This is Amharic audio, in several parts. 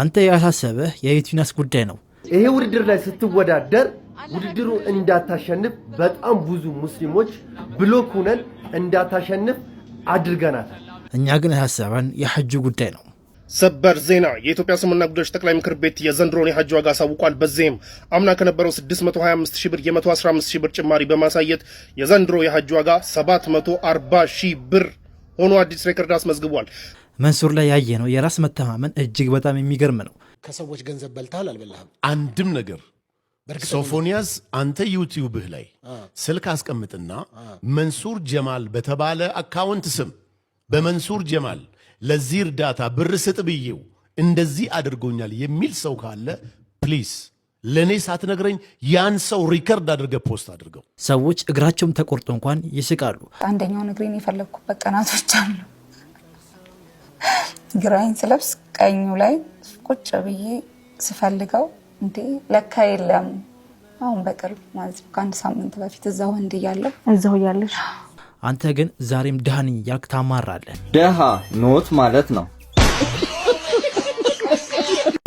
አንተ ያሳሰበህ የዩቲናስ ጉዳይ ነው። ይሄ ውድድር ላይ ስትወዳደር ውድድሩ እንዳታሸንፍ በጣም ብዙ ሙስሊሞች ብሎክ ሁነን እንዳታሸንፍ አድርገናታል። እኛ ግን ያሳሰበን የሐጁ ጉዳይ ነው። ሰበር ዜና የኢትዮጵያ እስልምና ጉዳዮች ጠቅላይ ምክር ቤት የዘንድሮን የሐጅ ዋጋ አሳውቋል። በዚህም አምና ከነበረው 625 ሺህ ብር የ115 ሺህ ብር ጭማሪ በማሳየት የዘንድሮ የሐጅ ዋጋ 740 ሺህ ብር ሆኖ አዲስ ሬከርድ አስመዝግቧል። መንሱር ላይ ያየ ነው የራስ መተማመን እጅግ በጣም የሚገርም ነው። ከሰዎች ገንዘብ በልተሃል አልበላህም? አንድም ነገር ሶፎንያስ አንተ ዩቲዩብህ ላይ ስልክ አስቀምጥና መንሱር ጀማል በተባለ አካውንት ስም በመንሱር ጀማል ለዚህ እርዳታ ብር ስጥ ብዬው እንደዚህ አድርጎኛል የሚል ሰው ካለ ፕሊስ ለእኔ ሳትነግረኝ ያን ሰው ሪከርድ አድርገ ፖስት አድርገው። ሰዎች እግራቸውም ተቆርጦ እንኳን ይስቃሉ። አንደኛው እግሬን የፈለግኩበት ቀናቶች አሉ ግራኝ ስለብስ ቀኙ ላይ ቁጭ ብዬ ስፈልገው እንዲ ለካ የለም። አሁን በቅርብ ማለት ከአንድ ሳምንት በፊት እዛው ወንድ እያለሁ እዛው እያለሽ አንተ ግን ዛሬም ደሃን እያልክ ታማራለህ። ደሃ ኖት ማለት ነው።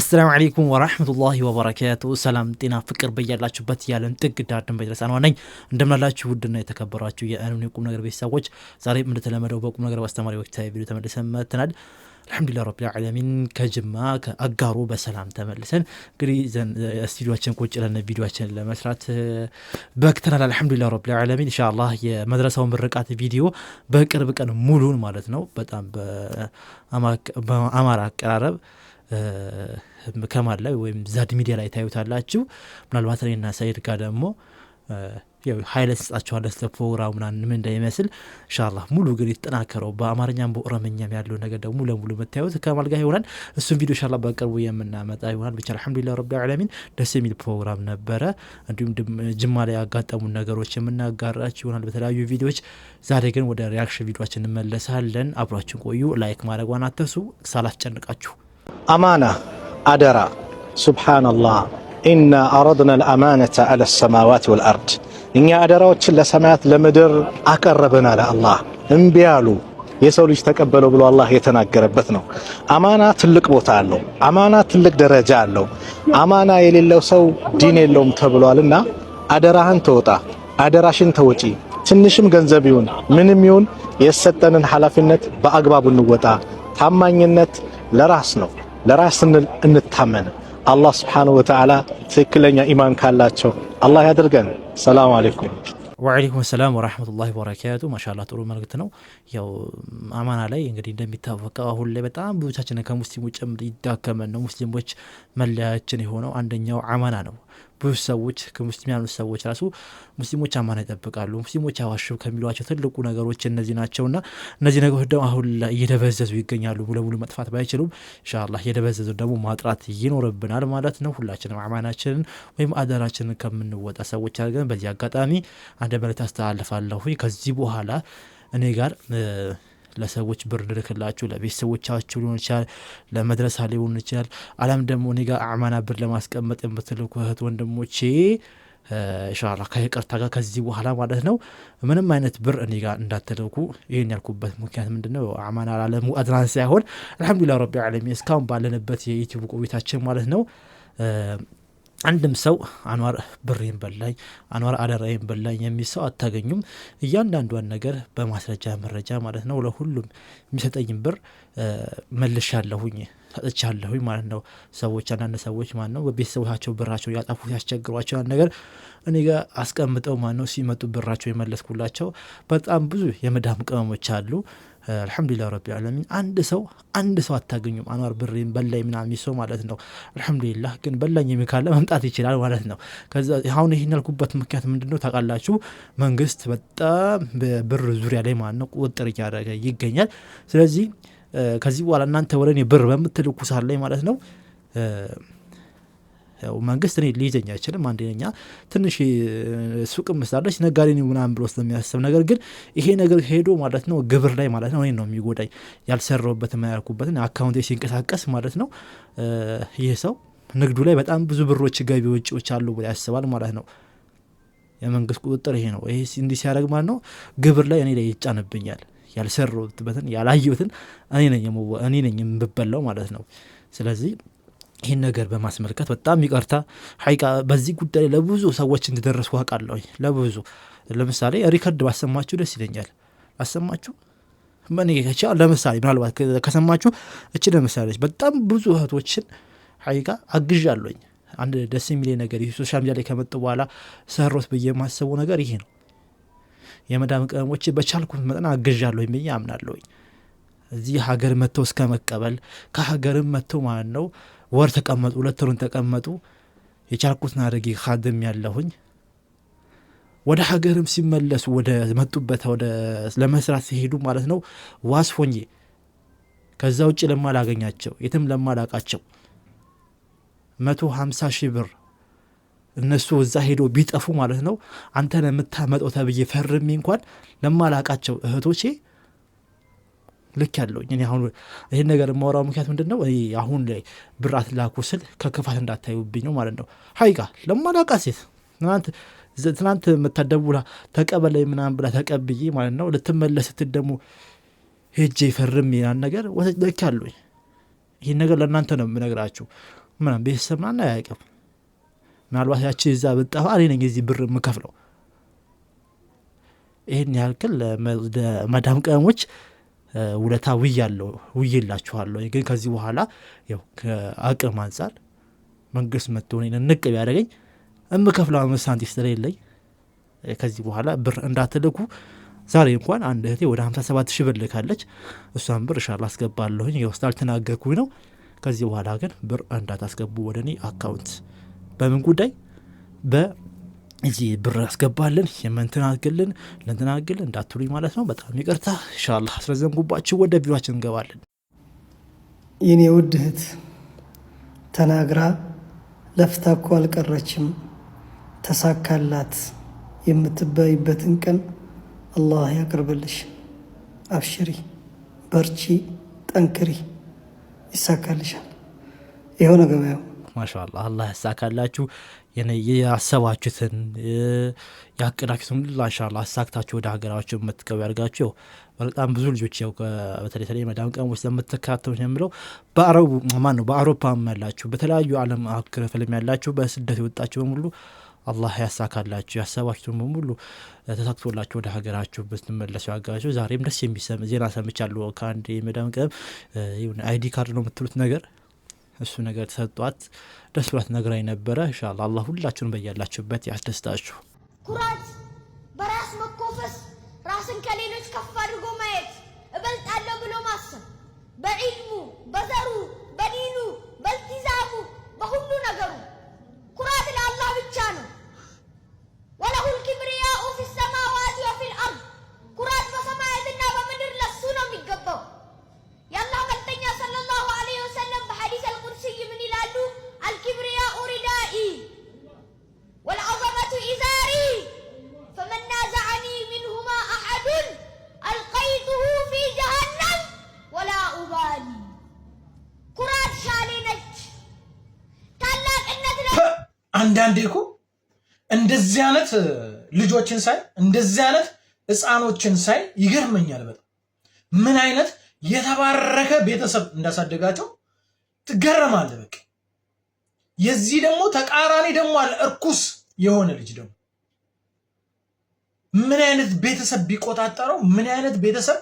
አሰላሙ አለይኩም ወራህመቱላሂ ወበረካቱ። ሰላም ጤና ፍቅር በያላችሁበት ያለን ጥግ ዳር ድንበር ይድረስ ነኝ። እንደምናላችሁ ውድና የተከበራችሁ የእኔ የቁም ነገር ቤተሰቦች ዛሬም እንደተለመደው በቁም ነገር በአስተማሪ ወቅታዊ ቪዲዮ ተመልሰን መጥተናል። አልሐምዱሊላህ ረብ ልዓለሚን ከጅማ ከአጋሮ በሰላም ተመልሰን እንግዲህ ስቱዲዮችን ቁጭ ለነ ቪዲዮችን ለመስራት በክተናል። ረብ ልዓለሚን እንሻ ላ የመድረሳው ምርቃት ቪዲዮ በቅርብ ቀን ሙሉን ማለት ነው በጣም በአማራ አቀራረብ ከማል ላይ ወይም ዛድ ሚዲያ ላይ ታዩታላችሁ። ምናልባት እኔና ሰይድ ጋር ደግሞ ሀይለ ስጣቸዋለሁ ስለ ፕሮግራሙ ምናምን ምን እንደሚመስል ኢንሻላህ ሙሉ ግን የተጠናከረው በአማርኛም በኦሮምኛም ያለው ነገር ደግሞ ለሙሉ መታየት ከማልጋ ይሆናል። እሱም ቪዲዮ ኢንሻላህ በቅርቡ የምናመጣ ይሆናል። ብቻ አልሐምዱሊላህ ረቢ ዓለሚን ደስ የሚል ፕሮግራም ነበረ። እንዲሁም ጅማ ላይ ያጋጠሙ ነገሮች የምናጋራች ይሆናል በተለያዩ ቪዲዮዎች። ዛሬ ግን ወደ ሪያክሽን ቪዲዮችን እንመለሳለን። አብሯችን ቆዩ። ላይክ ማድረጓን አትርሱ። ሳላስጨንቃችሁ አማና አደራ ሱብሓነላህ ኢና አረድና ልአማነተ አላ ሰማዋት ወልአርድ እኛ አደራዎችን ለሰማያት ለምድር አቀረብን አለ አላህ። እምቢ አሉ፣ የሰው ልጅ ተቀበለው ብሎ አላህ የተናገረበት ነው። አማና ትልቅ ቦታ አለው። አማና ትልቅ ደረጃ አለው። አማና የሌለው ሰው ዲን የለውም ተብሏልና አደራህን ተወጣ፣ አደራሽን ተወጪ። ትንሽም ገንዘብ ይሁን ምንም ይሁን የሰጠንን ኃላፊነት በአግባቡ እንወጣ። ታማኝነት ለራስ ነው። ለራስ እንታመንም አላህ ስብሓነሁ ወተዓላ ትክክለኛ ኢማን ካላቸው አላህ ያድርገን። ሰላም አለይኩም ወአለይኩም ሰላም ወራህመቱላሂ ወበረካቱ። ማሻላ ጥሩ መልእክት ነው። ያው አማና ላይ እንግዲህ እንደሚታወቀው አሁን ላይ በጣም ብዙቻችንን ከሙስሊሞች ጭምር ይዳከመን ነው። ሙስሊሞች መለያችን የሆነው አንደኛው አማና ነው። ብዙ ሰዎች ከሙስሊም ያሉት ሰዎች ራሱ ሙስሊሞች አማና ይጠብቃሉ፣ ሙስሊሞች አዋሽብ ከሚሏቸው ትልቁ ነገሮች እነዚህ ና እነዚህ ነገሮች ደግሞ አሁን ላይ እየደበዘዙ ይገኛሉ። ሙሉ መጥፋት ባይችሉም እንሻላ እየደበዘዙ ደግሞ ማጥራት ይኖርብናል ማለት ነው። ሁላችንም አማናችንን ወይም አደራችንን ከምንወጣ ሰዎች አድርገን በዚህ አጋጣሚ አንድ መለት አስተላልፋለሁ። ከዚህ በኋላ እኔ ጋር ለሰዎች ብር ልልክላችሁ፣ ለቤተሰቦቻችሁ ሊሆን ይችላል፣ ለመድረሳ ሊሆን ይችላል። አለም ደግሞ እኔ ጋር አማና ብር ለማስቀመጥ የምትልኩ እህት ወንድሞቼ ኢንሻላ ከይቅርታ ጋር ከዚህ በኋላ ማለት ነው ምንም አይነት ብር እኔ ጋር እንዳትልኩ። ይህን ያልኩበት ምክንያት ምንድነው? አማና ላለሙ አድናን ሳይሆን አልሐምዱላ ረቢ ዓለሚን እስካሁን ባለንበት የዩቲዩብ ቆቤታችን ማለት ነው አንድም ሰው አንዋር ብሬን በላኝ አንዋር አደራዬን በላኝ የሚል ሰው አታገኙም። እያንዳንዷን ነገር በማስረጃ መረጃ ማለት ነው። ለሁሉም የሚሰጠኝም ብር መልሻለሁኝ ሰጥቻለሁኝ ማለት ነው። ሰዎች አንዳንድ ሰዎች ማለት ነው በቤተሰቦቻቸው ብራቸው ያጠፉ ያስቸግሯቸው ያን ነገር እኔ ጋር አስቀምጠው ማለት ነው ሲመጡ ብራቸው የመለስኩላቸው በጣም ብዙ የመዳም ቅመሞች አሉ። አልሐምዱሊላህ ረቢ ዓለሚን አንድ ሰው አንድ ሰው አታገኙም። አኗር ብሬን በላይ ምናምን የሚል ማለት ነው። አልሐምዱሊላህ ግን በላኝ የሚካለ መምጣት ይችላል ማለት ነው። ከዛ አሁን ይህን ያልኩበት ምክንያት ምንድን ነው ታውቃላችሁ? መንግስት በጣም በብር ዙሪያ ላይ ማለት ነው ቁጥጥር እያደረገ ይገኛል። ስለዚህ ከዚህ በኋላ እናንተ ወደ እኔ ብር በምትልኩ ሳት ላይ ማለት ነው ያው መንግስት እኔ ሊይዘኝ አይችልም። አንደኛ ትንሽ ሱቅ ምስላለች ነጋዴ ምናምን ብሎ ስለሚያስብ ነገር ግን ይሄ ነገር ሄዶ ማለት ነው ግብር ላይ ማለት ነው እኔን ነው የሚጎዳኝ ያልሰራውበት የማያልኩበትን አካውንት ሲንቀሳቀስ ማለት ነው ይህ ሰው ንግዱ ላይ በጣም ብዙ ብሮች ገቢ ወጪዎች አሉ ብሎ ያስባል ማለት ነው። የመንግስት ቁጥጥር ይሄ ነው። ይሄ እንዲህ ሲያደረግ ማለት ነው ግብር ላይ እኔ ላይ ይጫንብኛል። ያልሰራውበትን ያላየትን እኔ ነኝ እኔ ነኝ የምበላው ማለት ነው። ስለዚህ ይህን ነገር በማስመልከት በጣም ይቀርታ ሀይቃ በዚህ ጉዳይ ለብዙ ሰዎች እንደደረስኩ አውቃለሁ። ለብዙ ለምሳሌ ሪከርድ ባሰማችሁ ደስ ይለኛል። አሰማችሁ መኔቻ ለምሳሌ ምናልባት ከሰማችሁ እች ለምሳሌች በጣም ብዙ እህቶችን ሀይቃ አግዥ አለኝ አንድ ደስ የሚል ነገር ሶሻል ሚዲያ ላይ ከመጡ በኋላ ሰሮት ብዬ የማስበው ነገር ይሄ ነው። የመዳም ቅመሞች በቻልኩት መጠን አግዣለሁኝ ብዬ አምናለሁኝ። እዚህ ሀገር መጥተው እስከ መቀበል ከሀገርም መጥተው ማለት ነው ወር ተቀመጡ፣ ሁለት ወርን ተቀመጡ። የቻልኩትን አድርጌ ካድም ያለሁኝ ወደ ሀገርም ሲመለሱ ወደ መጡበት ወደ ለመስራት ሲሄዱ ማለት ነው ዋስ ሆኜ ከዛ ውጭ ለማላገኛቸው የትም ለማላቃቸው መቶ ሀምሳ ሺህ ብር እነሱ እዛ ሄዶ ቢጠፉ ማለት ነው አንተን የምታመጠው ተብዬ ፈርሜ እንኳን ለማላቃቸው እህቶቼ ልክ ያለውኝ እኔ አሁን ይህን ነገር የማወራው ምክንያት ምንድን ነው? አሁን ላይ ብር አትላኩ ስል ከክፋት እንዳታዩብኝ ነው ማለት ነው። ሀይቃ ለማላቃ ሴት ትናንት ትናንት የምታደቡ ተቀበላይ ምናምን ብላ ተቀብዬ ማለት ነው ልትመለስ ስትል ደግሞ ሄጄ ይፈርም ያን ነገር ልክ ያለኝ ይህን ነገር ለእናንተ ነው የምነግራችሁ። ምናምን ቤተሰብ ምናምን አያቅም ምናልባት ያቺ እዛ ብጠፋ እኔ ነኝ እዚህ ብር የምከፍለው። ይህን ያልክል ግን ቀሞች ውለታ ውያለው ውይላችኋለሁ ግን ከዚህ በኋላ ከአቅም አንጻር መንግስት መጥቶ እኔን ንቅ ቢያደርገኝ እምከፍለው አምስት ሳንቲም ስለሌለኝ ከዚህ በኋላ ብር እንዳትልኩ ዛሬ እንኳን አንድ እህቴ ወደ ሀምሳ ሰባት ሺ ብር ልካለች። እሷን ብር እሻ አስገባለሁኝ ውስጥ አልተናገርኩኝ ነው። ከዚህ በኋላ ግን ብር እንዳታስገቡ ወደ እኔ አካውንት በምን ጉዳይ በ እዚህ ብር ያስገባልን የምንትን አድርግልን ለንትን አድርግልን እንዳትሉኝ ማለት ነው። በጣም ይቅርታ እንሻላ ስለዘንጉባችሁ ወደ ቪዲዮችን እንገባለን። የኔ ውድ እህት ተናግራ ለፍታ እኮ አልቀረችም። ተሳካላት የምትባይበትን ቀን አላህ ያቅርብልሽ። አብሽሪ፣ በርቺ፣ ጠንክሪ፣ ይሳካልሻል። ይኸው ነው ገበያው። ማሻላ አላህ ያሳካላችሁ። ያሰባችሁትን ያቅዳችሁትን ላንሻላ አሳክታችሁ ወደ ሀገራችሁ የምትገቡ ያድርጋችሁ። በጣም ብዙ ልጆች ያው በተለይ ተለይ መዳም ቀሞች ለምትከታተሉ የምለው በአረቡ ማን ነው በአውሮፓም ያላችሁ በተለያዩ ዓለም ክፍልም ያላችሁ በስደት የወጣችሁ በሙሉ አላህ ያሳካላችሁ ያሰባችሁትን በሙሉ ተሳክቶላችሁ ወደ ሀገራችሁ ብትመለሱ ያጋቸው። ዛሬም ደስ የሚሰም ዜና ሰምቻለሁ ከአንድ የመዳም ቀም አይዲ ካርድ ነው የምትሉት ነገር እሱ ነገር ተሰጧት ደስ ብሏት ነግራኝ ነበረ። ኢንሻአላህ አላህ ሁላችሁን በያላችሁበት ያስደስታችሁ። ኩራት፣ በራስ መኮፈስ፣ ራስን ከሌሎች ከፍ አድርጎ ማየት፣ እበልጣለሁ ብሎ ማሰብ፣ በዒልሙ በዘሩ በዲኑ በልቲዛሙ በሁሉ ነገሩ ኩራት ለአላህ ብቻ ነው። አንዳንዴ እኮ እንደዚህ አይነት ልጆችን ሳይ እንደዚህ አይነት ህፃኖችን ሳይ ይገርመኛል። በጣም ምን አይነት የተባረከ ቤተሰብ እንዳሳደጋቸው ትገረማለህ። በቃ የዚህ ደግሞ ተቃራኒ ደግሞ አለ። እርኩስ የሆነ ልጅ ደግሞ ምን አይነት ቤተሰብ ቢቆጣጠረው፣ ምን አይነት ቤተሰብ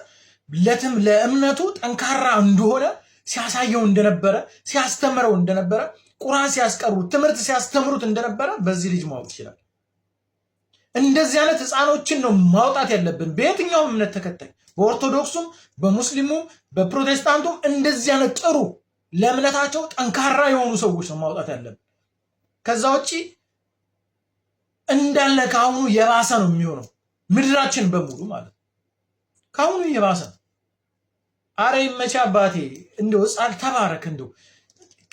ለትም ለእምነቱ ጠንካራ እንደሆነ ሲያሳየው እንደነበረ ሲያስተምረው እንደነበረ ቁርአን ሲያስቀሩት ትምህርት ሲያስተምሩት እንደነበረ በዚህ ልጅ ማወቅ ይችላል። እንደዚህ አይነት ህፃኖችን ነው ማውጣት ያለብን። በየትኛውም እምነት ተከታይ በኦርቶዶክሱም፣ በሙስሊሙም፣ በፕሮቴስታንቱም እንደዚህ አይነት ጥሩ ለእምነታቸው ጠንካራ የሆኑ ሰዎች ነው ማውጣት ያለብን። ከዛ ውጭ እንዳለ ከአሁኑ የባሰ ነው የሚሆነው ምድራችን በሙሉ ማለት ነው። ከአሁኑ የባሰ ነው። አረ ይመቻ አባቴ እንደው ጻል ተባረክ እንደው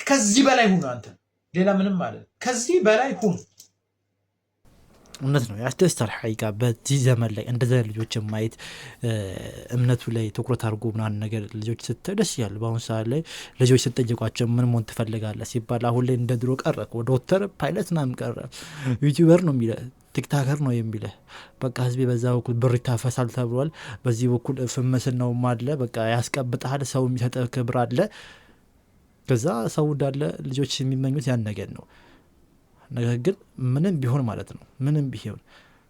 ከዚህ በላይ ሁኑ። አንተ ሌላ ምንም ማለት ከዚህ በላይ ሁኑ። እውነት ነው ያስደስታል። ሀይቃ በዚህ ዘመን ላይ እንደዚ ልጆች ማየት እምነቱ ላይ ትኩረት አድርጎ ምናን ነገር ልጆች ስትል ደስ ያሉ በአሁኑ ሰዓት ላይ ልጆች ስጠየቋቸው ምን መሆን ትፈልጋለ ሲባል አሁን ላይ እንደ ድሮ ቀረ። ዶክተር፣ ፓይለት ናም ቀረ። ዩቲበር ነው የሚለ ቲክታከር ነው የሚለ በቃ ህዝቤ በዛ በኩል ብር ይታፈሳል ተብሏል። በዚህ በኩል ፍምስናውም አለ። በቃ ያስቀብጠሃል። ሰው የሚሰጠ ክብር አለ። ከዛ ሰው እንዳለ ልጆች የሚመኙት ያን ነገር ነው። ነገር ግን ምንም ቢሆን ማለት ነው ምንም ቢሆን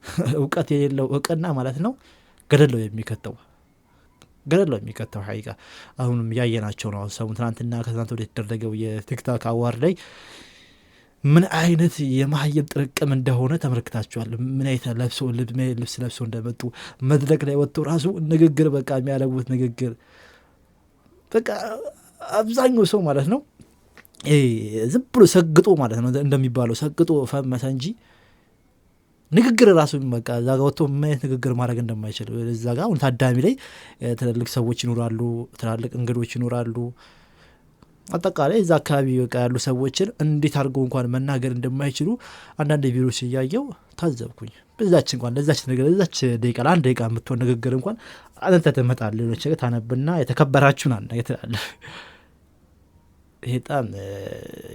እውቀት የሌለው እውቅና ማለት ነው ገደለው የሚከተው ገደለው የሚከተው ሀይቃ አሁንም እያየናቸው ነው። አሁን ትናንትና ከትናንት ወደ የተደረገው የቲክታክ አዋር ላይ ምን አይነት የማህየብ ጥርቅም እንደሆነ ተመልክታቸዋል ምን አይነት ለብሶ ልብስ ለብሶ እንደመጡ መድረክ ላይ ወጥቶ ራሱ ንግግር በቃ የሚያደርጉት ንግግር በቃ አብዛኛው ሰው ማለት ነው ዝም ብሎ ሰግጦ ማለት ነው እንደሚባለው ሰግጦ ፈመሰ እንጂ ንግግር ራሱ በቃ እዛ ጋ ወጥቶ ማየት ንግግር ማድረግ እንደማይችል እዛ ጋ አሁን ታዳሚ ላይ ትላልቅ ሰዎች ይኖራሉ፣ ትላልቅ እንግዶች ይኖራሉ። አጠቃላይ እዛ አካባቢ በቃ ያሉ ሰዎችን እንዴት አድርገው እንኳን መናገር እንደማይችሉ አንዳንድ ቢሮዎች እያየው ታዘብኩኝ። በዛች እንኳን ለዛች ነገር ለዛች ደቂቃ ለአንድ ደቂቃ የምትሆን ንግግር እንኳን አንተ ትመጣለህ፣ ነገር ታነብና የተከበራችሁ አናየ ትላለህ ይሄ በጣም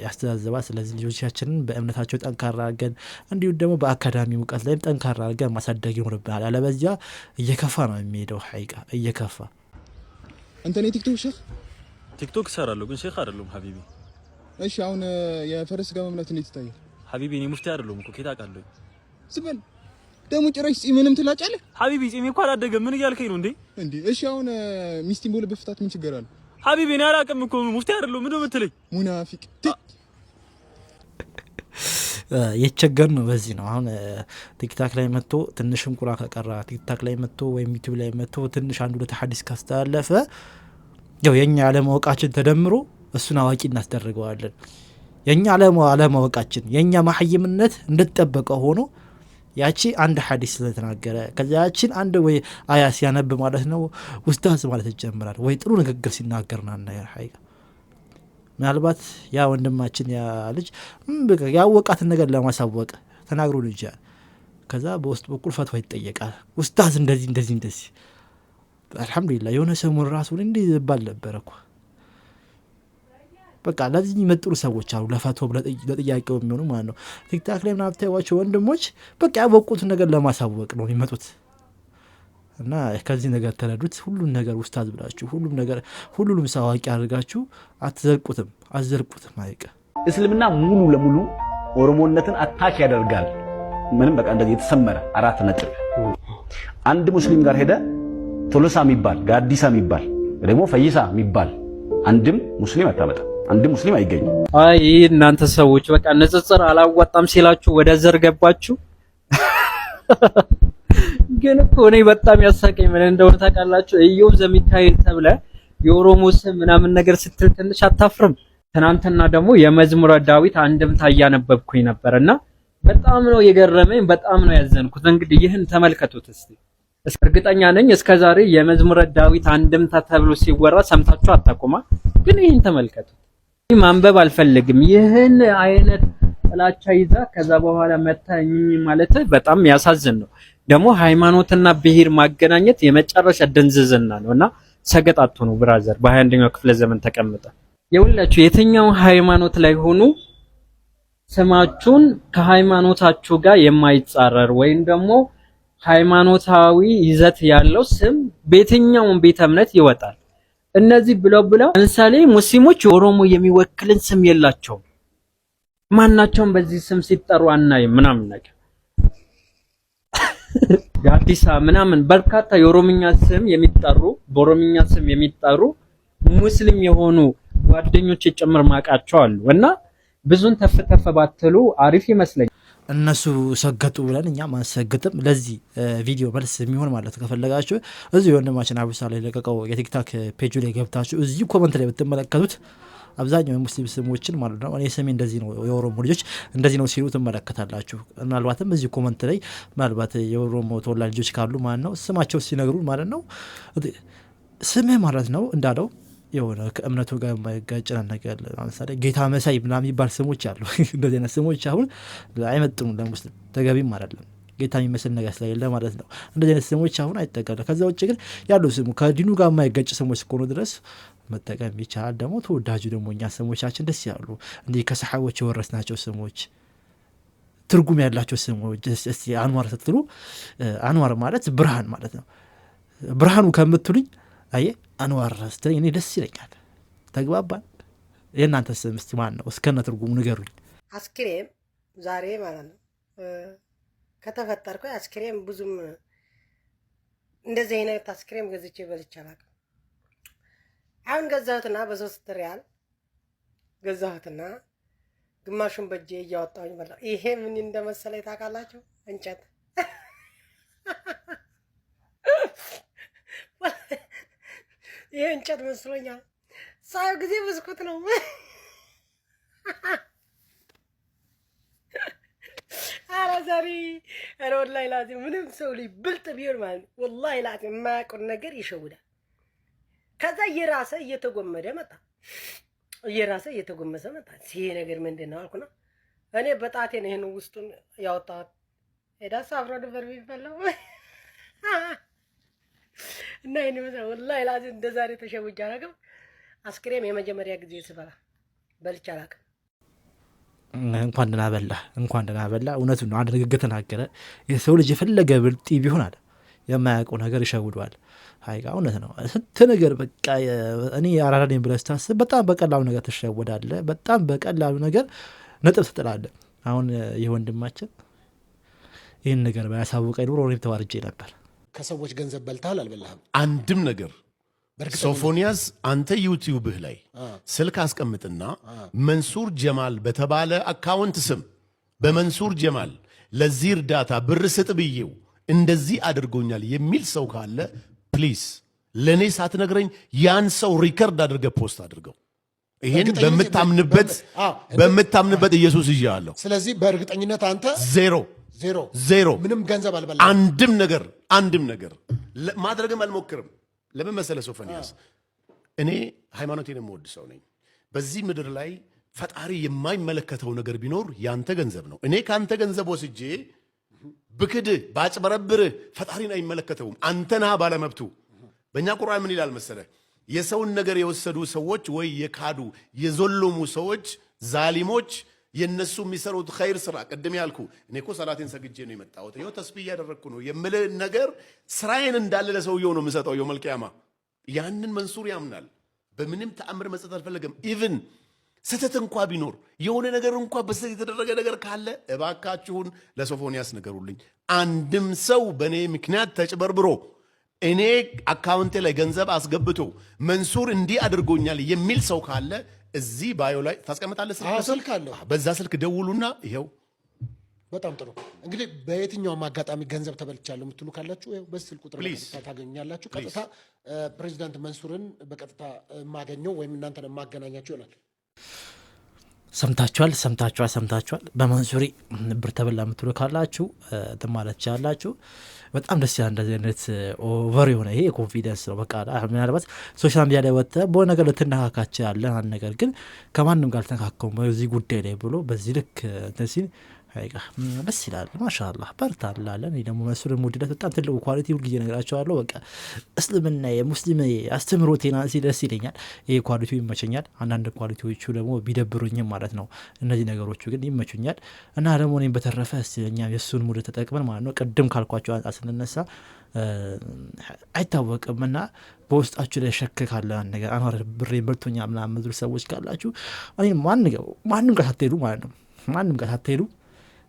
ያስተዛዝባል። ስለዚህ ልጆቻችንን በእምነታቸው ጠንካራ አድርገን እንዲሁም ደግሞ በአካዳሚ ሙቀት ላይም ጠንካራ አድርገን ማሳደግ ይኖርብናል። አለበዚያ እየከፋ ነው የሚሄደው። ሀይቃ እየከፋ እንትን ቲክቶክ ሼክ ቲክቶክ እሰራለሁ ግን ሼክ አይደለሁም ሀቢቢ። እሺ አሁን የፈረስ ጋር መምለት እንዴት ይታያል ሀቢቢ? እኔ ሙፍቲ አይደለሁም እኮ ኬታ ቃለኝ ዝበል ደግሞ ጭራሽ ምንም ትላጫለህ ሀቢቢ። ጺሜ እኮ አላደገም። ምን እያልከኝ ነው እንዴ? እንዴ እሺ አሁን ሚስቲን ቦል በፍታት ምን ችግር አለው? ሀቢብ እኔ አላውቅም እኮ ሙፍቲ አይደለሁ። ምንድን ነው የምትለኝ? ሙናፊቅ የቸገር ነው። በዚህ ነው አሁን ቲክታክ ላይ መጥቶ ትንሽ እንቁራ ከቀራ ቲክታክ ላይ መጥቶ ወይም ዩቲብ ላይ መጥቶ ትንሽ አንድ ሁለት ሀዲስ ካስተላለፈ ያው የእኛ አለማወቃችን ተደምሮ እሱን አዋቂ እናስደርገዋለን። የእኛ አለማወቃችን የእኛ መሀይምነት እንደጠበቀ ሆኖ ያቺ አንድ ሀዲስ ስለተናገረ ከዚያ ያቺን አንድ ወይ አያ ሲያነብ ማለት ነው ውስዳዝ ማለት ይጀምራል። ወይ ጥሩ ንግግር ሲናገር ናና ሀይቃ ምናልባት ያ ወንድማችን ያ ልጅ ያወቃትን ነገር ለማሳወቅ ተናግሮ ልጃል ከዛ በውስጥ በኩል ፈትዋ ይጠየቃል። ውስታዝ እንደዚህ እንደዚህ እንደዚህ አልሐምዱሊላ የሆነ ሰሙን ራሱን እንዲህ ዝባል ነበረ በቃ ለዚህ የሚመጥሩ ሰዎች አሉ፣ ለፈቶም ለጥያቄው የሚሆኑ ማለት ነው። ቲክታክ ላይ ምናምን ታዩዋቸው ወንድሞች በቃ ያወቁትን ነገር ለማሳወቅ ነው የሚመጡት። እና ከዚህ ነገር ተረዱት። ሁሉም ነገር ውስታዝ ብላችሁ ሁሉም ነገር ሁሉንም ሰው አዋቂ አድርጋችሁ አትዘርቁትም፣ አትዘርቁትም። አይቀ እስልምና ሙሉ ለሙሉ ኦሮሞነትን አታክ ያደርጋል። ምንም በቃ እንደዚህ የተሰመረ አራት ነጥብ። አንድ ሙስሊም ጋር ሄደ ቶሎሳ የሚባል ጋዲሳ የሚባል ደግሞ ፈይሳ የሚባል አንድም ሙስሊም አታመጣም። አንድ ሙስሊም አይገኝም። አይ እናንተ ሰዎች በቃ ንጽጽር አላዋጣም ሲላችሁ ወደ ዘር ገባችሁ። ግን እኮ እኔ በጣም ያሳቀኝ ምን እንደሆነ ታውቃላችሁ? እዮብ ዘሚካኤል ተብለ የኦሮሞ ስም ምናምን ነገር ስትል ትንሽ አታፍርም? ትናንትና ደግሞ የመዝሙረ ዳዊት አንድምታ እያነበብኩኝ ነበር እና በጣም ነው የገረመኝ፣ በጣም ነው ያዘንኩት። እንግዲህ ይህን ተመልከቱት እስቲ። እርግጠኛ ነኝ እስከ ዛሬ የመዝሙረ ዳዊት አንድምታ ተብሎ ሲወራ ሰምታችሁ አታውቁማ። ግን ይህን ተመልከቱት። ማንበብ አልፈልግም። ይህን አይነት ጥላቻ ይዛ ከዛ በኋላ መታኝ ማለት በጣም ያሳዝን ነው። ደግሞ ሃይማኖትና ብሄር ማገናኘት የመጨረሻ ደንዝዝና ነው እና ሰገጥ ብራዘር። በ21ኛው ክፍለ ዘመን ተቀምጠ የሁላችሁ የትኛው ሃይማኖት ላይ ሆኑ ስማችሁን ከሃይማኖታችሁ ጋር የማይጻረር ወይም ደግሞ ሃይማኖታዊ ይዘት ያለው ስም በየትኛው ቤተ እምነት ይወጣል። እነዚህ ብለው ብለው ለምሳሌ ሙስሊሞች ኦሮሞ የሚወክልን ስም የላቸውም። ማናቸውም በዚህ ስም ሲጠሩ አናይም ምናምን ነገር የአዲስ ምናምን በርካታ የኦሮምኛ ስም የሚጠሩ በኦሮምኛ ስም የሚጠሩ ሙስሊም የሆኑ ጓደኞች ጭምር ማቃቸው አሉ እና ብዙን ተፍ ተፍ ባትሉ አሪፍ ይመስለኛል። እነሱ ሰገጡ ብለን እኛም አንሰግጥም። ለዚህ ቪዲዮ መልስ የሚሆን ማለት ከፈለጋችሁ እዚሁ የወንድማችን አብሳ ላይ ለቀቀው የቲክታክ ፔጁ ላይ ገብታችሁ እዚሁ ኮመንት ላይ ብትመለከቱት አብዛኛው የሙስሊም ስሞችን ማለት ነው እኔ ስሜ እንደዚህ ነው፣ የኦሮሞ ልጆች እንደዚህ ነው ሲሉ ትመለከታላችሁ። ምናልባትም እዚህ ኮመንት ላይ ምናልባት የኦሮሞ ተወላጅ ልጆች ካሉ ማለት ነው ስማቸው ሲነግሩ ማለት ነው ስምህ ማለት ነው እንዳለው የሆነ ከእምነቱ ጋር የማይጋጭን ነገር ለምሳሌ ጌታ መሳይ ምና የሚባል ስሞች አሉ። እንደዚህ አይነት ስሞች አሁን አይመጥኑ ለሙስሊም ተገቢም አይደለም። ጌታ የሚመስል ነገር ስለሌለ ማለት ነው። እንደዚህ አይነት ስሞች አሁን አይጠቀለ ከዛ ውጭ ግን ያሉ ስሙ ከዲኑ ጋር የማይጋጭ ስሞች እስከሆኑ ድረስ መጠቀም ይቻላል። ደግሞ ተወዳጁ ደግሞ እኛ ስሞቻችን ደስ ያሉ እንዲህ ከሰሓቦች የወረስ ናቸው ስሞች ትርጉም ያላቸው ስሞች አንዋር ስትሉ አንዋር ማለት ብርሃን ማለት ነው። ብርሃኑ ከምትሉኝ አየ አንዋር ስትለኝ እኔ ደስ ይለኛል። ተግባባን። የእናንተ ስም እስኪ ማን ነው? እስከነ ትርጉሙ ንገሩኝ። አስክሬም ዛሬ ማለት ነው ከተፈጠርኩ አስክሬም ብዙም እንደዚህ አይነት አስክሬም ገዝቼ በልቼ አላውቅም። አሁን ገዛሁትና በሶስት ሪያል ገዛሁትና ግማሹን በእጄ እያወጣሁኝ በላሁ። ይሄ ምን እንደመሰለ ታውቃላችሁ? እንጨት ይሄ እንጨት መስሎኛል። ሳየው ጊዜ ብስኩት ነው። አረ ዛሬ አረ ወላሂ ላዚም ምንም ሰው ላይ ብልጥ ቢሆን ማለት ነው ወላሂ ላዚም የማያውቀውን ነገር ይሸውዳል። ከዛ እየራሰ እየተጎመደ መጣ፣ እየራሰ እየተጎመሰ መጣ። ይሄ ነገር ምንድን ነው አልኩና እኔ በጣቴ ነው ይሄን ውስጡን ያወጣሁት። ሄዳ አብሮ ድንበር ቢፈለው እና ይህን ይመስላል። ወላሂ ላዚም እንደ ዛሬ ተሸውጄ አላውቅም። አስክሬም የመጀመሪያ ጊዜ ስበላ በልቼ አላውቅም። እንኳን ደህና በላህ፣ እንኳን ደህና በላህ። እውነቱን ነው። አንድ ንግግር ተናገረ። የሰው ልጅ የፈለገ ብልጥ ቢሆን አለ የማያውቀው ነገር ይሸውዷል። ሀይቃ እውነት ነው። ስንት ነገር በቃ እኔ አራዳኔ ብለህ ስታስብ በጣም በቀላሉ ነገር ትሸወዳለህ። በጣም በቀላሉ ነገር ነጥብ ትጥላለህ። አሁን ይህ ወንድማችን ይህን ነገር ባያሳውቀኝ ኑሮ እኔም ተዋርጄ ነበር። ከሰዎች ገንዘብ በልተሃል አልበላህም? አንድም ነገር ሶፎንያስ አንተ ዩቲዩብህ ላይ ስልክ አስቀምጥና መንሱር ጀማል በተባለ አካውንት ስም በመንሱር ጀማል ለዚህ እርዳታ ብር ስጥ ብዬው እንደዚህ አድርጎኛል የሚል ሰው ካለ ፕሊስ ለእኔ ሳትነግረኝ ያን ሰው ሪከርድ አድርገ ፖስት አድርገው። ይህን በምታምንበት በምታምንበት ኢየሱስ እያለሁ። ስለዚህ በእርግጠኝነት አንተ ዜሮ ዜሮ ምንም ገንዘብ አልበላ አንድም ነገር አንድም ነገር ማድረግም አልሞክርም። ለምን መሰለ ሶፈንያስ፣ እኔ ሃይማኖቴን የምወድ ሰው ነኝ። በዚህ ምድር ላይ ፈጣሪ የማይመለከተው ነገር ቢኖር ያንተ ገንዘብ ነው። እኔ ከአንተ ገንዘብ ወስጄ ብክድ ባጭበረብር ፈጣሪን አይመለከተውም። አንተና ባለመብቱ። በእኛ ቁርአን ምን ይላል መሰለ የሰውን ነገር የወሰዱ ሰዎች ወይ የካዱ የዘለሙ ሰዎች ዛሊሞች የእነሱ የሚሰሩት ኸይር ስራ ቅድም ያልኩ እኔ እኮ ሰላቴን ሰግጄ ነው የመጣሁት ይኸው ተስቢ እያደረግኩ ነው የምልህ ነገር ስራዬን እንዳለ ለሰውየው ነው የምሰጠው። የው መልቅያማ ያንን መንሱር ያምናል። በምንም ተአምር መስጠት አልፈለገም። ኢቭን ስህተት እንኳ ቢኖር የሆነ ነገር እንኳ በስህተት የተደረገ ነገር ካለ እባካችሁን ለሶፎንያስ ነገሩልኝ። አንድም ሰው በእኔ ምክንያት ተጭበርብሮ እኔ አካውንቴ ላይ ገንዘብ አስገብቶ መንሱር እንዲህ አድርጎኛል የሚል ሰው ካለ እዚህ ባዮ ላይ ታስቀምጣለህ። ስልክ አለው። በዛ ስልክ ደውሉና ይኸው በጣም ጥሩ እንግዲህ በየትኛውም አጋጣሚ ገንዘብ ተበልቻለሁ የምትሉ ካላችሁ በስልክ ቁጥር ታገኛላችሁ። ቀጥታ ፕሬዚዳንት መንሱርን በቀጥታ የማገኘው ወይም እናንተን የማገናኛችሁ ይሆናል። ሰምታችኋል፣ ሰምታችኋል፣ ሰምታችኋል። በመንሱሪ ብር ተበላ የምትሉ ካላችሁ ማለት ትችላላችሁ። በጣም ደስ ይላል። እንደዚህ አይነት ኦቨር የሆነ ይሄ የኮንፊደንስ ነው። በቃ ምናልባት ሶሻል ሚዲያ ላይ ወጥተ በሆነ ነገር ልትነካካቸ ያለን አንድ ነገር ግን ከማንም ጋር ልትነካከው በዚህ ጉዳይ ላይ ብሎ በዚህ ልክ እንትን ሲል ሀቂቃ ደስ ይላል። ማሻላ በርታ እንላለን። ይህ ደግሞ መስፍን ሙድነት በጣም ትልቁ ኳሊቲ ሁልጊዜ ነገራቸዋለሁ። በቃ እስልምና የሙስሊም አስተምህሮቴ ናሲ ደስ ይለኛል። ይህ ኳሊቲ ይመቸኛል። አንዳንድ ኳሊቲዎቹ ደግሞ ቢደብሩኝም ማለት ነው። እነዚህ ነገሮቹ ግን ይመቹኛል እና ደግሞ እኔም በተረፈ ስለኛ የእሱን ሙድ ተጠቅመን ማለት ነው። ቅድም ካልኳቸው አንጻ ስንነሳ አይታወቅም ና በውስጣችሁ ላይ ሸክ ካለ ነገር አኗር ብሬ በልቶኛ ምናምን ምድር ሰዎች ካላችሁ ማንም ጋር ሳትሄዱ ማለት ነው ማንም ጋር ሳትሄዱ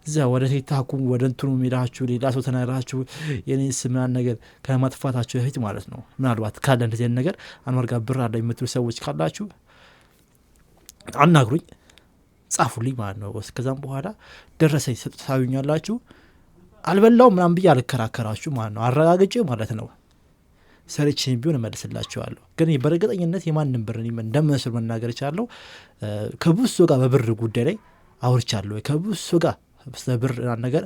እዚያ ወደ ሴታኩም ወደ እንትኑ ሄዳችሁ ሌላ ሰው ተናግራችሁ የኔ ስምናን ነገር ከማጥፋታችሁ በፊት ማለት ነው። ምናልባት ካለ እንደዚህ ነገር አንዋር ጋር ብር አለ የምትሉ ሰዎች ካላችሁ አናግሩኝ፣ ጻፉልኝ ማለት ነው። ከዛም በኋላ ደረሰኝ ሰጡት ታዩኛላችሁ። አልበላው ምናም ብዬ አልከራከራችሁ ማለት ነው። አረጋግጬ ማለት ነው ሰርቼ ቢሆን እመልስላችኋለሁ። ግን በእርግጠኝነት የማንም ብር እንደምመስሉ መናገር እችላለሁ። ከብዙ ጋር በብር ጉዳይ ላይ አውርቻለሁ። ከብዙ ጋር ስለ ብር ነገር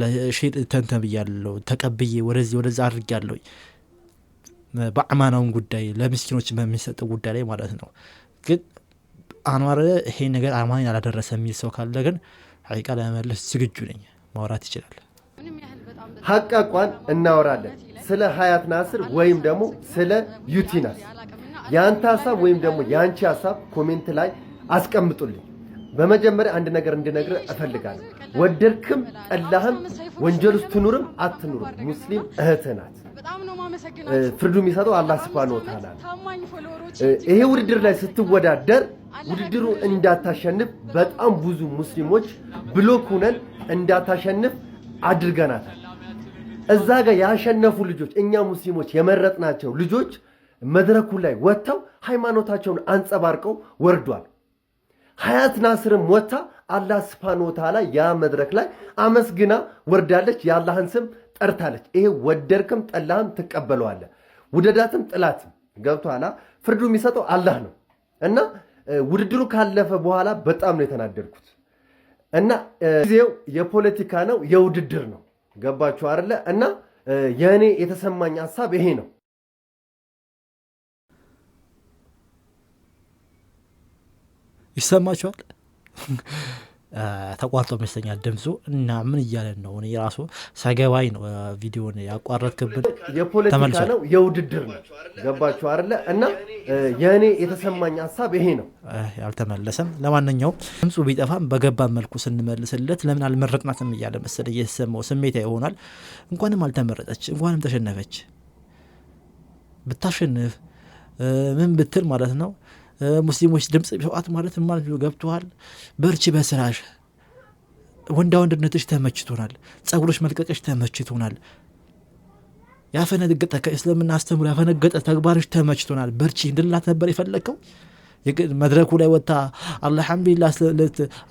ለሼጥ ተንተን ብያለሁ፣ ተቀብዬ ወደዚህ አድርግ ያለው በአማናውን ጉዳይ ለምስኪኖች በሚሰጥ ጉዳይ ላይ ማለት ነው። ግን አንዋር ይሄ ነገር አማኝ አላደረሰ የሚል ሰው ካለ ግን ሀቂቃ ለመመለስ ዝግጁ ነኝ፣ ማውራት ይችላል። ሀቃቋን እናወራለን። ስለ ሀያት ናስር ወይም ደግሞ ስለ ዩቲናስ የአንተ ሀሳብ ወይም ደግሞ የአንቺ ሀሳብ ኮሜንት ላይ አስቀምጡልኝ። በመጀመሪያ አንድ ነገር እንድነግር እፈልጋለሁ። ወደድክም ጠላህም ወንጀል ውስጥ ትኑርም አትኑርም ሙስሊም እህትህ ናት። ፍርዱ የሚሰጠው አላህ ስብሐነሁ ወተዓላ ነው። ይሄ ውድድር ላይ ስትወዳደር ውድድሩ እንዳታሸንፍ በጣም ብዙ ሙስሊሞች ብሎክ ሁነን እንዳታሸንፍ አድርገናታል። እዛ ጋር ያሸነፉ ልጆች እኛ ሙስሊሞች የመረጥናቸው ልጆች መድረኩ ላይ ወጥተው ሃይማኖታቸውን አንጸባርቀው ወርዷል። ሀያት ናስርም ወጥታ አላህ ስብሐነ ወተዓላ ያ መድረክ ላይ አመስግና ወርዳለች። የአላህን ስም ጠርታለች። ይሄ ወደድክም ጠላህም ትቀበለዋለህ። ውደዳትም ጥላትም ገብቶሃል። ፍርዱ የሚሰጠው አላህ ነው እና ውድድሩ ካለፈ በኋላ በጣም ነው የተናደድኩት እና ጊዜው የፖለቲካ ነው፣ የውድድር ነው። ገባችሁ አይደለ? እና የእኔ የተሰማኝ ሀሳብ ይሄ ነው። ይሰማችኋል? ተቋርጦ ይመስለኛል ድምፁ እና ምን እያለን ነው? እኔ ራሱ ነው። ቪዲዮን ያቋረጥክብን የፖለቲካ ነው፣ የውድድር ነው። ገባችሁ አለ እና የእኔ የተሰማኝ ሀሳብ ይሄ ነው። አልተመለሰም። ለማንኛውም ድምፁ ቢጠፋም በገባ መልኩ ስንመልስለት ለምን አልመረጥናትም እያለ መሰለኝ እየተሰማው ስሜታ ይሆናል። እንኳንም አልተመረጠች፣ እንኳንም ተሸነፈች። ብታሸንፍ ምን ብትል ማለት ነው ሙስሊሞች ድምፅ ሰዋት ማለት ማለት ገብተዋል። በርቺ በስራሽ ወንዳ ወንድነትሽ ተመችቶናል። ጸጉሮች መልቀቀሽ ተመችቶናል። ያፈነገጠ ከእስልምና አስተምሮ ያፈነገጠ ተግባሮች ተመችቶናል። በርቺ እንድላት ነበር የፈለግከው። መድረኩ ላይ ወጥታ አልሐምዱሊላ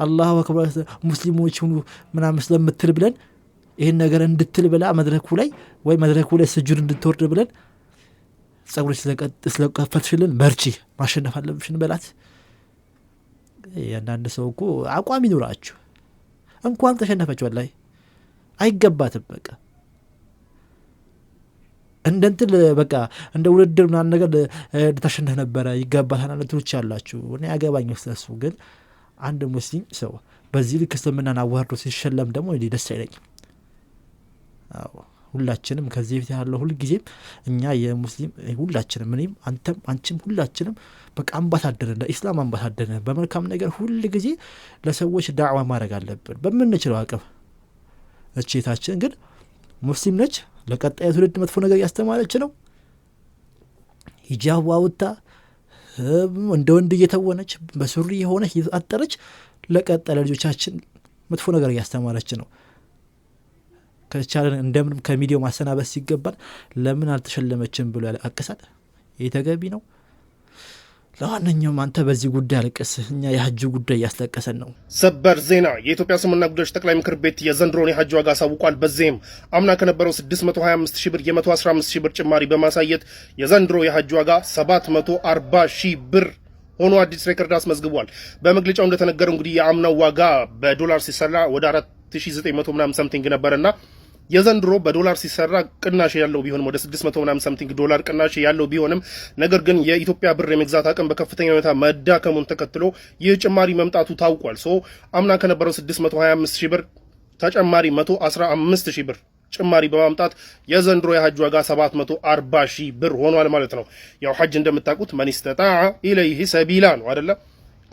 አላሁ አክበር ሙስሊሞች ሁኑ ምናምን ስለምትል ብለን ይህን ነገር እንድትል ብላ መድረኩ ላይ ወይ መድረኩ ላይ ስጁድ እንድትወርድ ብለን ጸጉሮች ስለቀፈትሽልን መርቺ ማሸነፍ አለብሽን በላት ያንዳንድ ሰው እኮ አቋም ይኑራችሁ። እንኳን ተሸነፈች ላይ አይገባትም። በቃ እንደንትል በቃ እንደ ውድድር ምናን ነገር ልታሸነፍ ነበረ ይገባታል ልትሎች ያላችሁ እ ያገባኝ ስለሱ። ግን አንድ ሙስሊም ሰው በዚህ ልክ እስልምናን አዋርዶ ሲሸለም ደግሞ ደስ አይለኝም። አዎ ሁላችንም ከዚህ በፊት ያለው ሁልጊዜም እኛ የሙስሊም ሁላችንም እኔም አንተም አንችም ሁላችንም በቃ አምባሳደር ኢስላም አምባሳደር በመልካም ነገር ሁል ጊዜ ለሰዎች ዳዕዋ ማድረግ አለብን በምንችለው አቅም። እቼታችን ግን ሙስሊም ነች፣ ለቀጣይ ትውልድ መጥፎ ነገር እያስተማረች ነው። ሂጃብ ዋውታ እንደ ወንድ እየተወነች በሱሪ የሆነች እየተጣጠረች ለቀጣይ ለልጆቻችን መጥፎ ነገር እያስተማረች ነው። ከቻለን እንደምንም ከሚዲያው ማሰናበት ሲገባል ለምን አልተሸለመችም ብሎ ያለቅሳል። ይህ ተገቢ ነው? ለማንኛውም አንተ በዚህ ጉዳይ አልቅስ፣ እኛ የሀጅ ጉዳይ እያስለቀሰን ነው። ሰበር ዜና የኢትዮጵያ እስልምና ጉዳዮች ጠቅላይ ምክር ቤት የዘንድሮን የሀጅ ዋጋ አሳውቋል። በዚህም አምና ከነበረው 625 ሺህ ብር የ115 ሺህ ብር ጭማሪ በማሳየት የዘንድሮ የሀጅ ዋጋ 740 ሺህ ብር ሆኖ አዲስ ሬከርድ አስመዝግቧል። በመግለጫው እንደተነገረው እንግዲህ የአምናው ዋጋ በዶላር ሲሰላ ወደ 4900 ምናምን ሰምቲንግ ነበርና የዘንድሮ በዶላር ሲሰራ ቅናሽ ያለው ቢሆንም ወደ 600 ምናምን ሰምቲንግ ዶላር ቅናሽ ያለው ቢሆንም ነገር ግን የኢትዮጵያ ብር የመግዛት አቅም በከፍተኛ ሁኔታ መዳከሙን ተከትሎ ይህ ጭማሪ መምጣቱ ታውቋል። ሶ አምና ከነበረው 625 ሺህ ብር ተጨማሪ 115 ሺህ ብር ጭማሪ በማምጣት የዘንድሮ የሐጅ ዋጋ 740 ሺህ ብር ሆኗል ማለት ነው። ያው ሐጅ እንደምታውቁት መን ኢለይህ ሰቢላ ነው አደለም?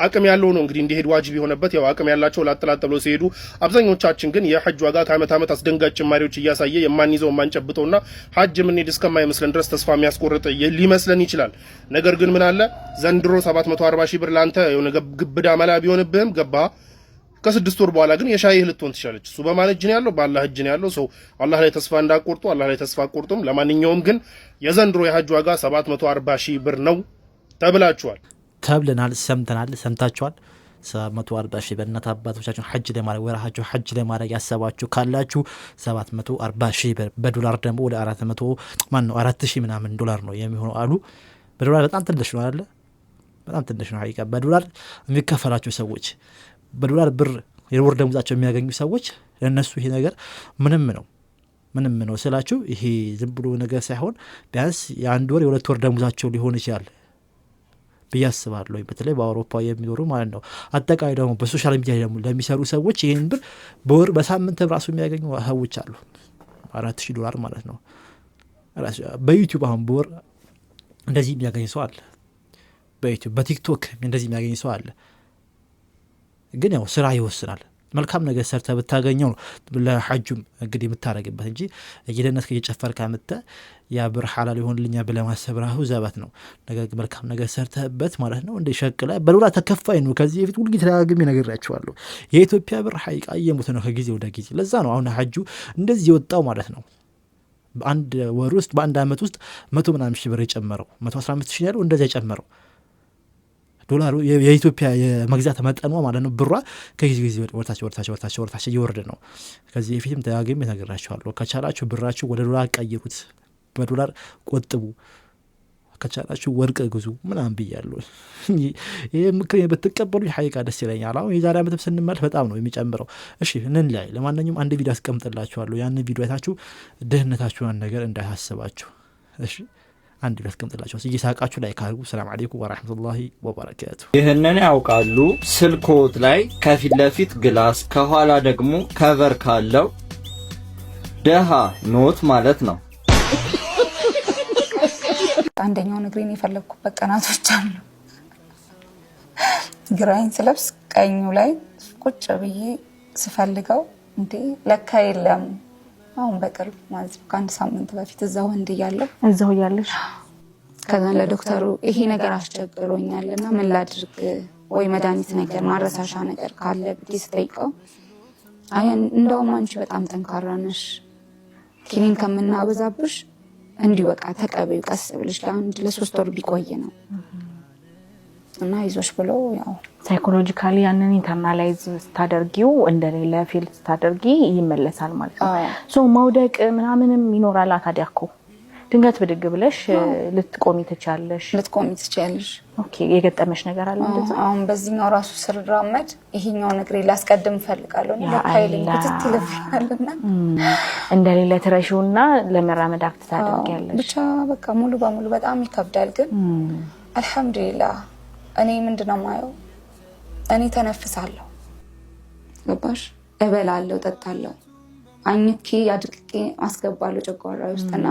አቅም ያለው ነው እንግዲህ እንዲሄድ ዋጅብ የሆነበት ያው አቅም ያላቸው ላጥላጥ ብለው ሲሄዱ፣ አብዛኞቻችን ግን የሐጅ ዋጋ ከአመት ዓመት አስደንጋጭ ጭማሪዎች እያሳየ የማንይዘው የማንጨብጠውና ሐጅ የምንሄድ እስከማይመስለን ድረስ ተስፋ የሚያስቆርጥ ሊመስለን ይችላል። ነገር ግን ምን አለ ዘንድሮ 740 ሺህ ብር ላንተ የሆነ ግብዳ መላ ቢሆንብህም ገባ ከስድስት ወር በኋላ ግን የሻይህ ልትሆን ትችላለች። እሱ በማን እጅ ነው ያለው? በአላህ እጅ ነው ያለው። ሰው አላህ ላይ ተስፋ እንዳቆርጡ አላህ ላይ ተስፋ አቆርጡም። ለማንኛውም ግን የዘንድሮ የሐጅ ዋጋ 740 ሺህ ብር ነው ተብላችኋል። ተብለናል፣ ሰምተናል፣ ሰምታችኋል። 740 ሺህ በእናት አባቶቻችን ሐጅ ለማድረግ ወራሃችሁ ሐጅ ለማድረግ ያሰባችሁ ካላችሁ 740 ሺህ ብር በዶላር ደግሞ ወደ 400 ማን ነው 4 ሺህ ምናምን ዶላር ነው የሚሆነው አሉ። በዶላር በጣም ትንሽ ነው አለ፣ በጣም ትንሽ ነው ሀቂቃ። በዶላር የሚከፈላቸው ሰዎች በዶላር ብር የወር ደመወዛቸው የሚያገኙ ሰዎች ለእነሱ ይሄ ነገር ምንም ነው ምንም ነው ስላችሁ፣ ይሄ ዝም ብሎ ነገር ሳይሆን ቢያንስ የአንድ ወር የሁለት ወር ደመወዛቸው ሊሆን ይችላል። ብዬ አስባለሁ። በተለይ በአውሮፓ የሚኖሩ ማለት ነው። አጠቃላይ ደግሞ በሶሻል ሚዲያ ደግሞ ለሚሰሩ ሰዎች ይህን ብር በወር በሳምንት ራሱ የሚያገኙ ሰዎች አሉ። አራት ሺህ ዶላር ማለት ነው። በዩቲዩብ አሁን በወር እንደዚህ የሚያገኝ ሰው አለ። በዩቲዩብ በቲክቶክ እንደዚህ የሚያገኝ ሰው አለ። ግን ያው ስራ ይወስናል። መልካም ነገር ሰርተ ብታገኘው ነው ለሐጁም እንግዲህ የምታረግበት እንጂ እየደነስክ እየጨፈር ካምተ ያ ብር ሓላል ይሆንልኛ ብለህ ማሰብ ራሱ ዘበት ነው። ነገር ግን መልካም ነገር ሰርተበት ማለት ነው እንደ ሸቅለ በሉላ ተከፋይ ነው። ከዚህ በፊት ሁልጊዜ ተደጋግሜ ነግሬያቸዋለሁ። የኢትዮጵያ ብር ሐቂቃ እየሞተ ነው ከጊዜ ወደ ጊዜ። ለዛ ነው አሁን ሐጁ እንደዚህ የወጣው ማለት ነው። በአንድ ወር ውስጥ በአንድ አመት ውስጥ መቶ ምናምን ሺህ ብር የጨመረው መቶ አስራ አምስት ሺህ ያለው እንደዚያ የጨመረው ዶላሩ የኢትዮጵያ የመግዛት መጠኗ ማለት ነው ብሯ ከጊዜ ጊዜ ወርታች ወርታች ወርታች ወርታች እየወረደ ነው። ከዚህ የፊትም ተጋግሜ እነግራችኋለሁ። ከቻላችሁ ብራችሁ ወደ ዶላር ቀይሩት፣ በዶላር ቆጥቡ፣ ከቻላችሁ ወርቅ ግዙ ምናምን ብያለሁ። ይህ ምክር ብትቀበሉ ሀይቃ ደስ ይለኛል። አሁን የዛሬ ዓመትም ስንመለስ በጣም ነው የሚጨምረው። እሺ ላይ ለማንኛውም አንድ ቪዲዮ አስቀምጥላችኋለሁ። ያን ቪዲዮ አይታችሁ ድህነታችሁን ነገር እንዳያሳስባችሁ እሺ አንድ ቢያስቀምጥላቸው እየሳቃችሁ ላይ ካርጉ ሰላም አለይኩም ወራህመቱላሂ ወበረካቱ። ይህንን ያውቃሉ። ስልኮት ላይ ከፊት ለፊት ግላስ ከኋላ ደግሞ ከቨር ካለው ደሃ ኖት ማለት ነው። አንደኛው እግሬን የፈለግኩበት ቀናቶች አሉ። ግራይን ስለብስ ቀኙ ላይ ቁጭ ብዬ ስፈልገው እንዴ ለካ የለም አሁን በቅርብ ማለት ነው ከአንድ ሳምንት በፊት እዛው ህንድ እያለሁ እዛው እያለሽ ከዛን ለዶክተሩ ይሄ ነገር አስቸግሮኛል እና ምን ላድርግ ወይ መድኃኒት ነገር ማረሳሻ ነገር ካለ ብዬ ስጠይቀው አይ እንደውም አንቺ በጣም ጠንካራ ነሽ፣ ኪኒን ከምናበዛብሽ እንዲሁ በቃ ተቀበዩ ቀስ ብልሽ ለአንድ ለሶስት ወር ቢቆይ ነው እና ይዞች ብለው ያው ሳይኮሎጂካሊ ያንን ኢንተርናላይዝ ስታደርጊው እንደሌለ ፊልድ ስታደርጊ ይመለሳል ማለት ነው። መውደቅ ምናምንም ይኖራል። ታዲያ እኮ ድንገት ብድግ ብለሽ ልትቆሚ ትችያለሽ፣ ልትቆሚ ትችያለሽ። ኦኬ የገጠመሽ ነገር አለ? አሁን በዚህኛው ራሱ ስራመድ ይሄኛው ነገር ላስቀድም እፈልጋለሁ እንደሌለ ትረሺውና ለመራመድ አክት ታደርጊያለሽ። ብቻ በቃ ሙሉ በሙሉ በጣም ይከብዳል፣ ግን አልሐምዱሊላህ እኔ ምንድነው ማየው? እኔ ተነፍሳለሁ፣ ገባሽ? እበላለሁ፣ ጠጣለሁ፣ አኝኬ አድቅቄ አስገባለሁ ጨጓራ ውስጥ እና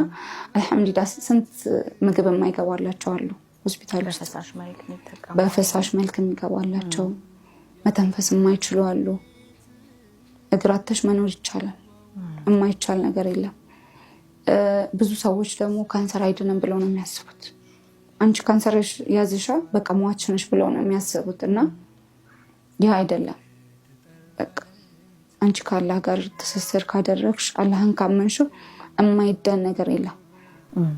አልሐምዲላ ስንት ምግብ የማይገባላቸው አሉ ሆስፒታል ውስጥ በፈሳሽ መልክ የሚገባላቸው መተንፈስ የማይችሉ አሉ። እግራተሽ መኖር ይቻላል፣ የማይቻል ነገር የለም። ብዙ ሰዎች ደግሞ ካንሰር አይድንም ብለው ነው የሚያስቡት። አንቺ ካንሰር ያዝሻ በቃ ሟች ነሽ ብለው ነው የሚያስቡት። እና ይህ አይደለም። አንቺ ከአላህ ጋር ትስስር ካደረግሽ አላህን ካመንሽው የማይዳን ነገር የለም።